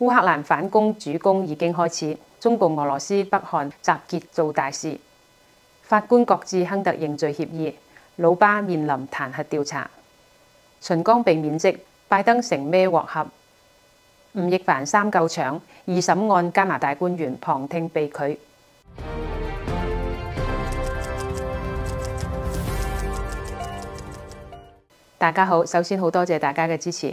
烏克蘭反攻主攻已經開始，中共俄羅斯北韓集結做大事。法官擱置亨特認罪協議，老爸面臨彈劾調查，秦剛被免職，拜登成背鍋俠？吳亦凡三救場，二審案加拿大官員旁聽被拒。大家好，首先好多謝大家嘅支持。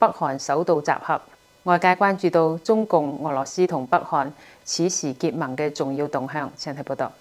北韓首度集合，外界關注到中共、俄羅斯同北韓此時結盟嘅重要動向。請睇報道，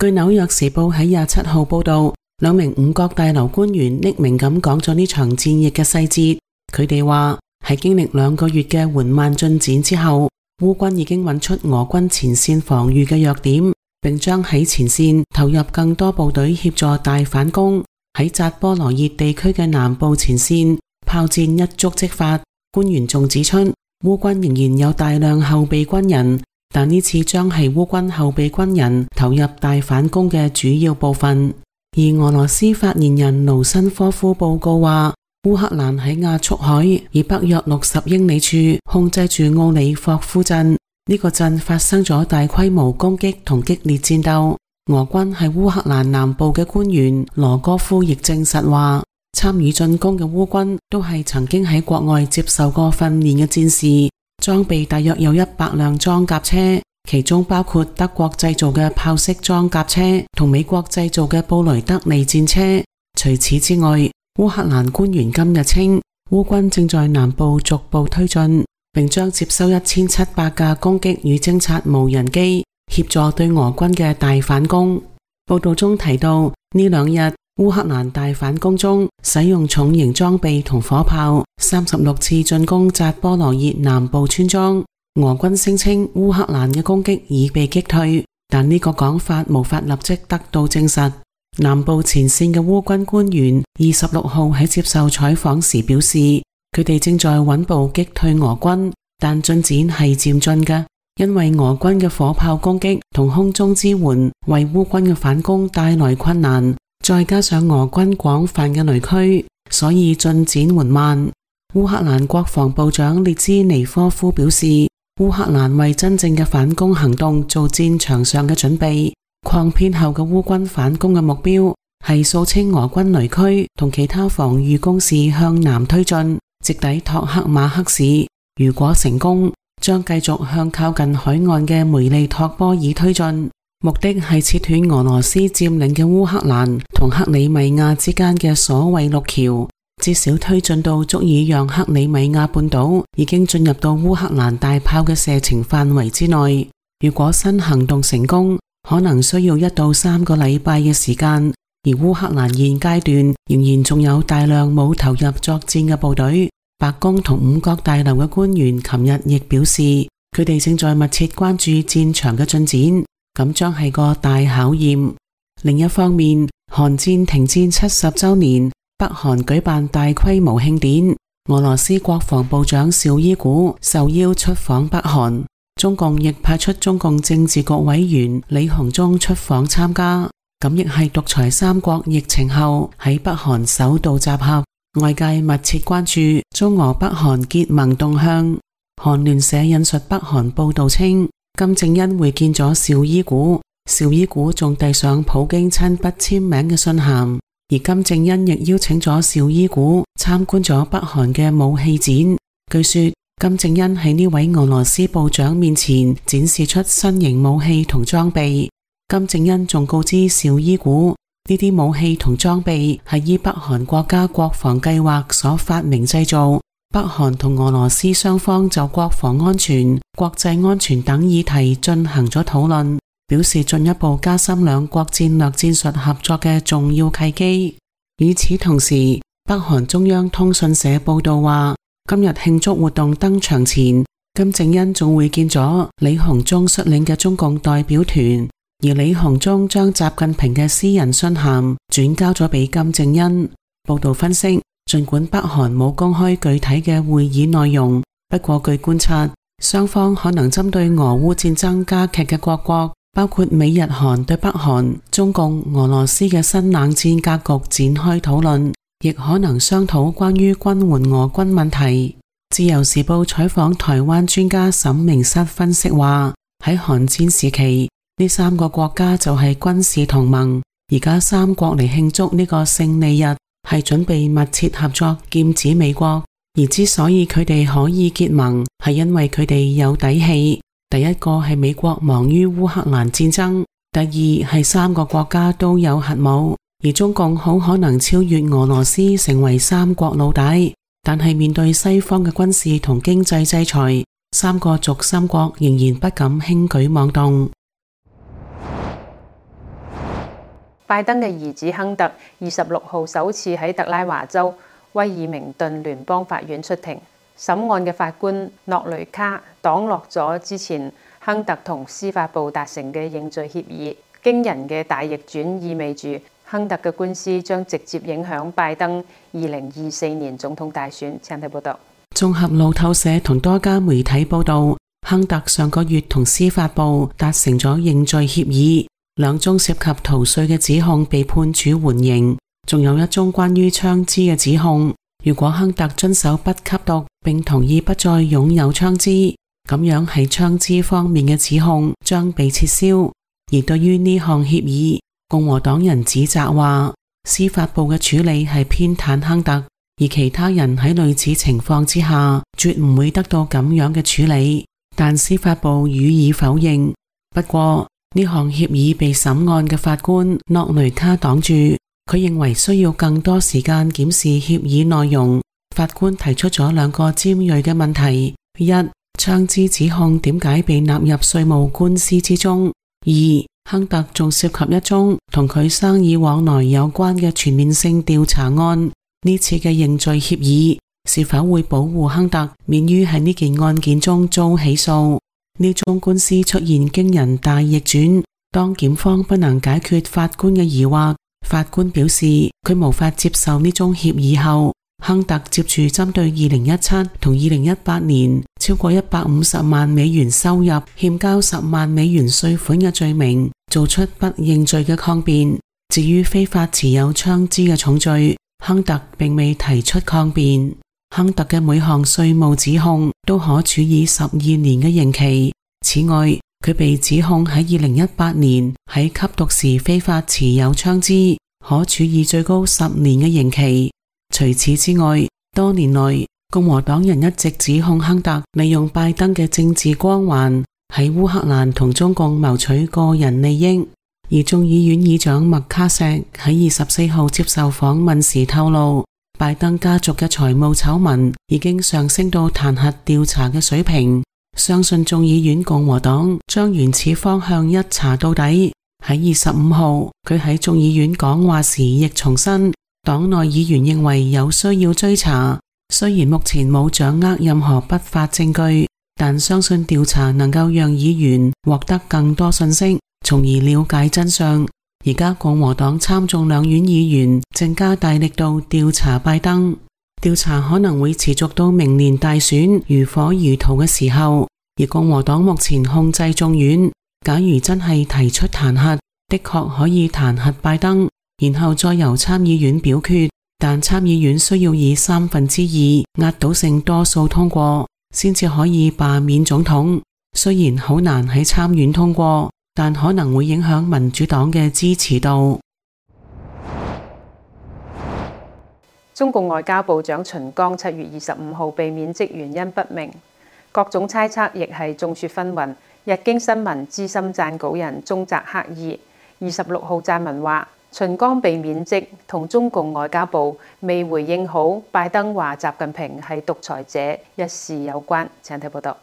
據《紐約時報》喺廿七號報導，兩名五角大樓官員匿名咁講咗呢場戰役嘅細節。佢哋話，喺經歷兩個月嘅緩慢進展之後，烏軍已經揾出俄軍前線防禦嘅弱點，並將喺前線投入更多部隊協助大反攻喺扎波羅熱地區嘅南部前線。炮戰一觸即發，官員仲指出烏軍仍然有大量後備軍人，但呢次將係烏軍後備軍人投入大反攻嘅主要部分。而俄羅斯發言人盧辛科夫報告話，烏克蘭喺亞速海以北約六十英里處控制住奧里霍夫鎮，呢個鎮發生咗大規模攻擊同激烈戰鬥。俄軍係烏克蘭南部嘅官員羅戈夫亦證實話。參與進攻嘅烏軍都係曾經喺國外接受過訓練嘅戰士，裝備大約有一百輛裝甲車，其中包括德國製造嘅炮式裝甲車同美國製造嘅布雷德利戰車。除此之外，烏克蘭官員今日稱，烏軍正在南部逐步推進，並將接收一千七百架攻擊與偵察無人機，協助對俄軍嘅大反攻。報道中提到，呢兩日。烏克蘭大反攻中，使用重型裝備同火炮，三十六次進攻扎波羅熱南部村莊。俄軍聲稱烏克蘭嘅攻擊已被擊退，但呢個講法無法立即得到證實。南部前線嘅烏軍官員二十六號喺接受採訪時表示，佢哋正在穩步擊退俄軍，但進展係漸進嘅，因為俄軍嘅火炮攻擊同空中支援為烏軍嘅反攻帶來困難。再加上俄軍廣泛嘅雷區，所以進展緩慢。烏克蘭國防部長列茲尼科夫表示，烏克蘭為真正嘅反攻行動做戰場上嘅準備。擴編後嘅烏軍反攻嘅目標係掃清俄軍雷區同其他防禦工事，向南推進，直抵托克馬克市。如果成功，將繼續向靠近海岸嘅梅利托波爾推進。目的係切斷俄羅斯佔領嘅烏克蘭同克里米亞之間嘅所謂陸橋，至少推進到足以讓克里米亞半島已經進入到烏克蘭大炮嘅射程範圍之內。如果新行動成功，可能需要一到三個禮拜嘅時間。而烏克蘭現階段仍然仲有大量冇投入作戰嘅部隊。白宮同五角大樓嘅官員琴日亦表示，佢哋正在密切關注戰場嘅進展。咁將係個大考驗。另一方面，韓戰停戰七十周年，北韓舉辦大規模慶典。俄羅斯國防部長紹伊古受邀出訪北韓，中共亦派出中共政治局委員李鴻忠出訪參加。咁亦係獨裁三國疫情後喺北韓首度集合，外界密切關注中俄北韓結盟動向。韓聯社引述北韓報道稱。金正恩會見咗紹伊古，紹伊古仲遞上普京親筆簽名嘅信函。而金正恩亦邀請咗紹伊古參觀咗北韓嘅武器展。據說金正恩喺呢位俄羅斯部長面前展示出新型武器同裝備。金正恩仲告知紹伊古，呢啲武器同裝備係依北韓國家國防計劃所發明製造。北韓同俄羅斯雙方就國防安全、國際安全等議題進行咗討論，表示進一步加深兩國戰略戰術合作嘅重要契機。與此同時，北韓中央通訊社報道話，今日慶祝活動登場前，金正恩仲會見咗李鴻忠率領嘅中共代表團，而李鴻忠將習近平嘅私人信函轉交咗俾金正恩。報道分析。盡管北韓冇公開具體嘅會議內容，不過據觀察，雙方可能針對俄烏戰爭加劇嘅各國，包括美日韓對北韓、中共、俄羅斯嘅新冷戰格局展開討論，亦可能商討關於軍援俄軍問題。自由時報採訪台灣專家沈明室分析話：喺韓戰時期，呢三個國家就係軍事同盟，而家三國嚟慶祝呢個勝利日。係準備密切合作，劍指美國。而之所以佢哋可以結盟，係因為佢哋有底氣。第一個係美國忙於烏克蘭戰爭，第二係三個國家都有核武，而中共好可能超越俄羅斯成為三國老大。但係面對西方嘅軍事同經濟制裁，三個軸心國仍然不敢輕舉妄動。拜登嘅兒子亨特二十六號首次喺特拉華州威爾明頓聯邦法院，出庭審案嘅法官諾雷卡擋落咗之前亨特同司法部達成嘅認罪協議，驚人嘅大逆轉意味住亨特嘅官司將直接影響拜登二零二四年總統大選。請睇報道，綜合路透社同多家媒體報道，亨特上個月同司法部達成咗認罪協議。兩宗涉及逃稅嘅指控被判處緩刑，仲有一宗關於槍支嘅指控。如果亨特遵守不吸毒，並同意不再擁有槍支，咁樣喺槍支方面嘅指控將被撤銷。而對於呢項協議，共和黨人指責話司法部嘅處理係偏袒亨特，而其他人喺類似情況之下絕唔會得到咁樣嘅處理。但司法部予以否認。不過，呢項協議被審案嘅法官諾雷卡擋住，佢認為需要更多時間檢視協議內容。法官提出咗兩個尖銳嘅問題：一、槍支指控點解被納入稅務官司之中？二、亨特仲涉及一宗同佢生意往來有關嘅全面性調查案。呢次嘅認罪協議是否會保護亨特免於喺呢件案件中遭起訴？呢宗官司出現驚人大逆轉，當檢方不能解決法官嘅疑惑，法官表示佢無法接受呢宗協議後，亨特接住針對二零一七同二零一八年超過一百五十萬美元收入欠交十萬美元稅款嘅罪名，做出不認罪嘅抗辯。至於非法持有槍支嘅重罪，亨特並未提出抗辯。亨特嘅每項稅務指控都可處以十二年嘅刑期。此外，佢被指控喺二零一八年喺吸毒時非法持有槍支，可處以最高十年嘅刑期。除此之外，多年來共和黨人一直指控亨特利用拜登嘅政治光環喺烏克蘭同中共謀取個人利益。而眾議院議長麥卡錫喺二十四號接受訪問時透露。拜登家族嘅財務醜聞已經上升到彈劾調查嘅水平，相信眾議院共和黨將沿此方向一查到底。喺二十五號，佢喺眾議院講話時亦重申，黨內議員認為有需要追查。雖然目前冇掌握任何不法證據，但相信調查能夠讓議員獲得更多信息，從而了解真相。而家共和黨參眾兩院議員正加大力度調查拜登，調查可能會持續到明年大選如火如荼嘅時候。而共和黨目前控制眾院，假如真係提出彈劾，的確可以彈劾拜登，然後再由參議院表決。但參議院需要以三分之二壓倒性多數通過，先至可以罷免總統。雖然好難喺參院通過。但可能會影響民主黨嘅支持度。中共外交部長秦剛七月二十五號被免職原因不明，各種猜測亦係眾說紛紜。日經新聞資深撰稿人中澤克二二十六號撰文話，秦剛被免職同中共外交部未回應好拜登話習近平係獨裁者一事有關。請睇報道。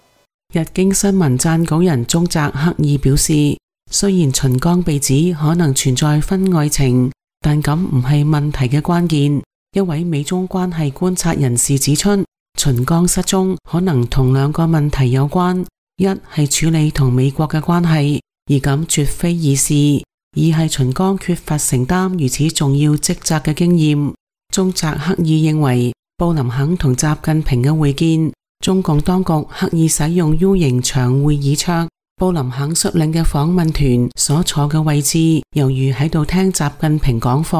日經新聞撰稿人中澤克二表示。雖然秦剛被指可能存在婚外情，但咁唔係問題嘅關鍵。一位美中關係觀察人士指出，秦剛失蹤可能同兩個問題有關：一係處理同美國嘅關係，而咁絕非易事；二係秦剛缺乏承擔如此重要職責嘅經驗。中澤克爾認為，布林肯同習近平嘅會見，中共當局刻意使用 U 型長會議桌。布林肯率領嘅訪問團所坐嘅位置，猶如喺度聽習近平講課，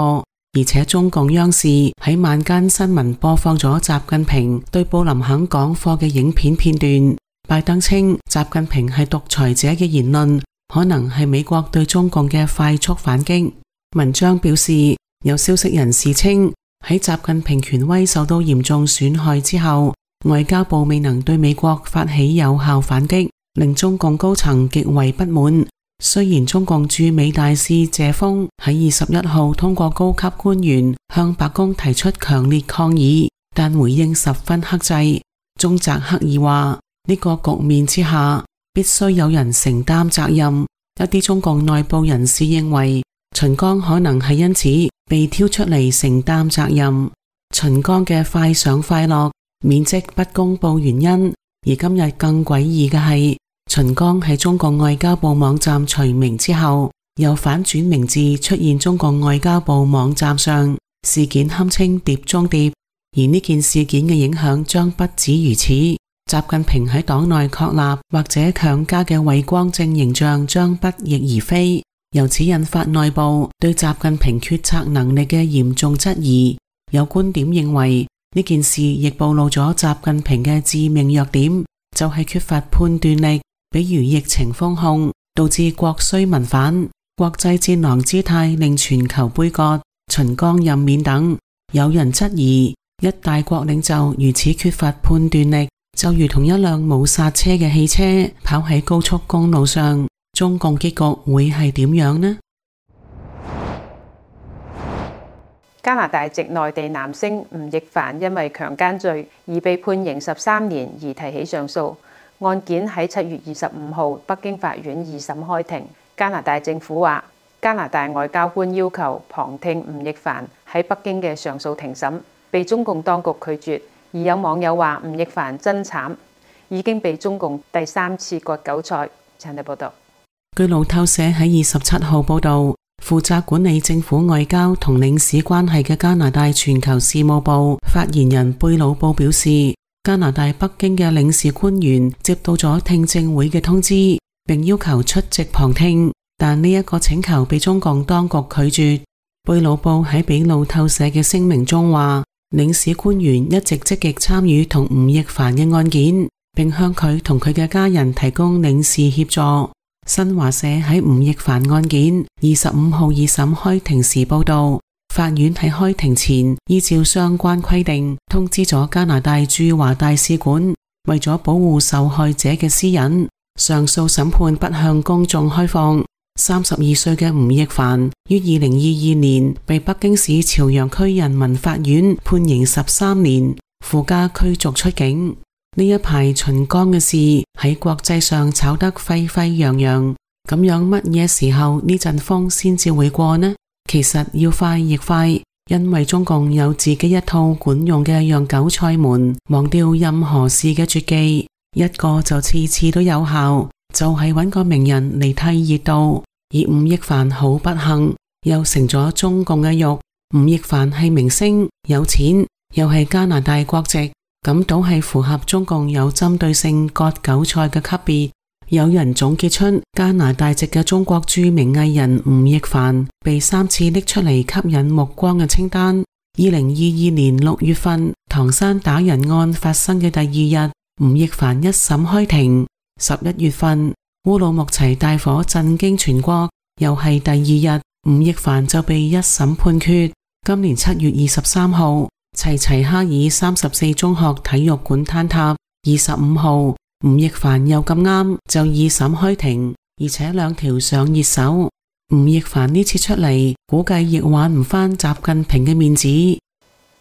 而且中共央視喺晚間新聞播放咗習近平對布林肯講課嘅影片片段。拜登稱習近平係獨裁者嘅言論，可能係美國對中共嘅快速反擊。文章表示，有消息人士稱喺習近平權威受到嚴重損害之後，外交部未能對美國發起有效反擊。令中共高層極為不滿。雖然中共駐美大使謝鋒喺二十一號通過高級官員向白宮提出強烈抗議，但回應十分克制。中澤克爾話：呢個局面之下，必須有人承擔責任。一啲中共內部人士認為，秦剛可能係因此被挑出嚟承擔責任。秦剛嘅快上快落免職不公布原因。而今日更詭異嘅係。秦剛喺中國外交部網站除名之後，又反轉名字出現中國外交部網站上，事件堪稱碟中諜。而呢件事件嘅影響將不止如此，習近平喺黨內確立或者強加嘅偉光正形象將不翼而飛，由此引發內部對習近平決策能力嘅嚴重質疑。有觀點認為，呢件事亦暴露咗習近平嘅致命弱點，就係、是、缺乏判斷力。比如疫情封控導致國衰民反，國際戰狼姿態令全球杯葛，秦剛任免等，有人質疑一大國領袖如此缺乏判斷力，就如同一輛冇剎車嘅汽車跑喺高速公路上，中共結局會係點樣呢？加拿大籍內地男星吳亦凡因為強姦罪而被判刑十三年，而提起上訴。案件喺七月二十五號北京法院二審開庭。加拿大政府話加拿大外交官要求旁聽吳亦凡喺北京嘅上訴庭審被中共當局拒絕，而有網友話吳亦凡真慘，已經被中共第三次割韭菜。陳立報道。據路透社喺二十七號報道，負責管理政府外交同領事關係嘅加拿大全球事務部發言人貝魯布表示。加拿大北京嘅領事官員接到咗聽證會嘅通知，並要求出席旁聽，但呢一個請求被中共當局拒絕。貝魯布喺俾路透社嘅聲明中話，領事官員一直積極參與同吳亦凡嘅案件，並向佢同佢嘅家人提供領事協助。新華社喺吳亦凡案件二十五號二審開庭時報道。法院喺開庭前依照相關規定通知咗加拿大駐華大使館，為咗保護受害者嘅私隱，上訴審判不向公眾開放。三十二歲嘅吳亦凡於二零二二年被北京市朝陽區人民法院判刑十三年，附加驅逐出境。呢一排秦剛嘅事喺國際上炒得沸沸揚揚，咁樣乜嘢時候呢陣風先至會過呢？其實要快亦快，因為中共有自己一套管用嘅，讓韭菜們忘掉任何事嘅絕技。一個就次次都有效，就係、是、搵個名人嚟替熱度。而吳亦凡好不幸，又成咗中共嘅肉。吳亦凡係明星，有錢，又係加拿大國籍，咁都係符合中共有針對性割韭菜嘅級別有人總結出加拿大籍嘅中國著名藝人吳亦凡被三次拎出嚟吸引目光嘅清單。二零二二年六月份，唐山打人案發生嘅第二日，吳亦凡一審開庭；十一月份，烏魯木齊大火震驚全國，又係第二日，吳亦凡就被一審判決。今年七月二十三號，齊齊哈爾三十四中學體育館坍塌，二十五號。吳亦凡又咁啱就二審開庭，而且兩條上熱搜。吳亦凡呢次出嚟，估計亦挽唔返習近平嘅面子。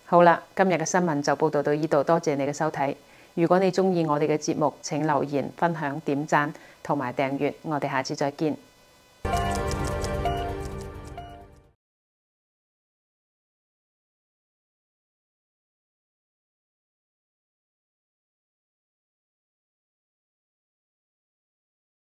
好啦，今日嘅新聞就報道到呢度，多謝你嘅收睇。如果你中意我哋嘅節目，請留言、分享、點讚同埋訂閱。我哋下次再見。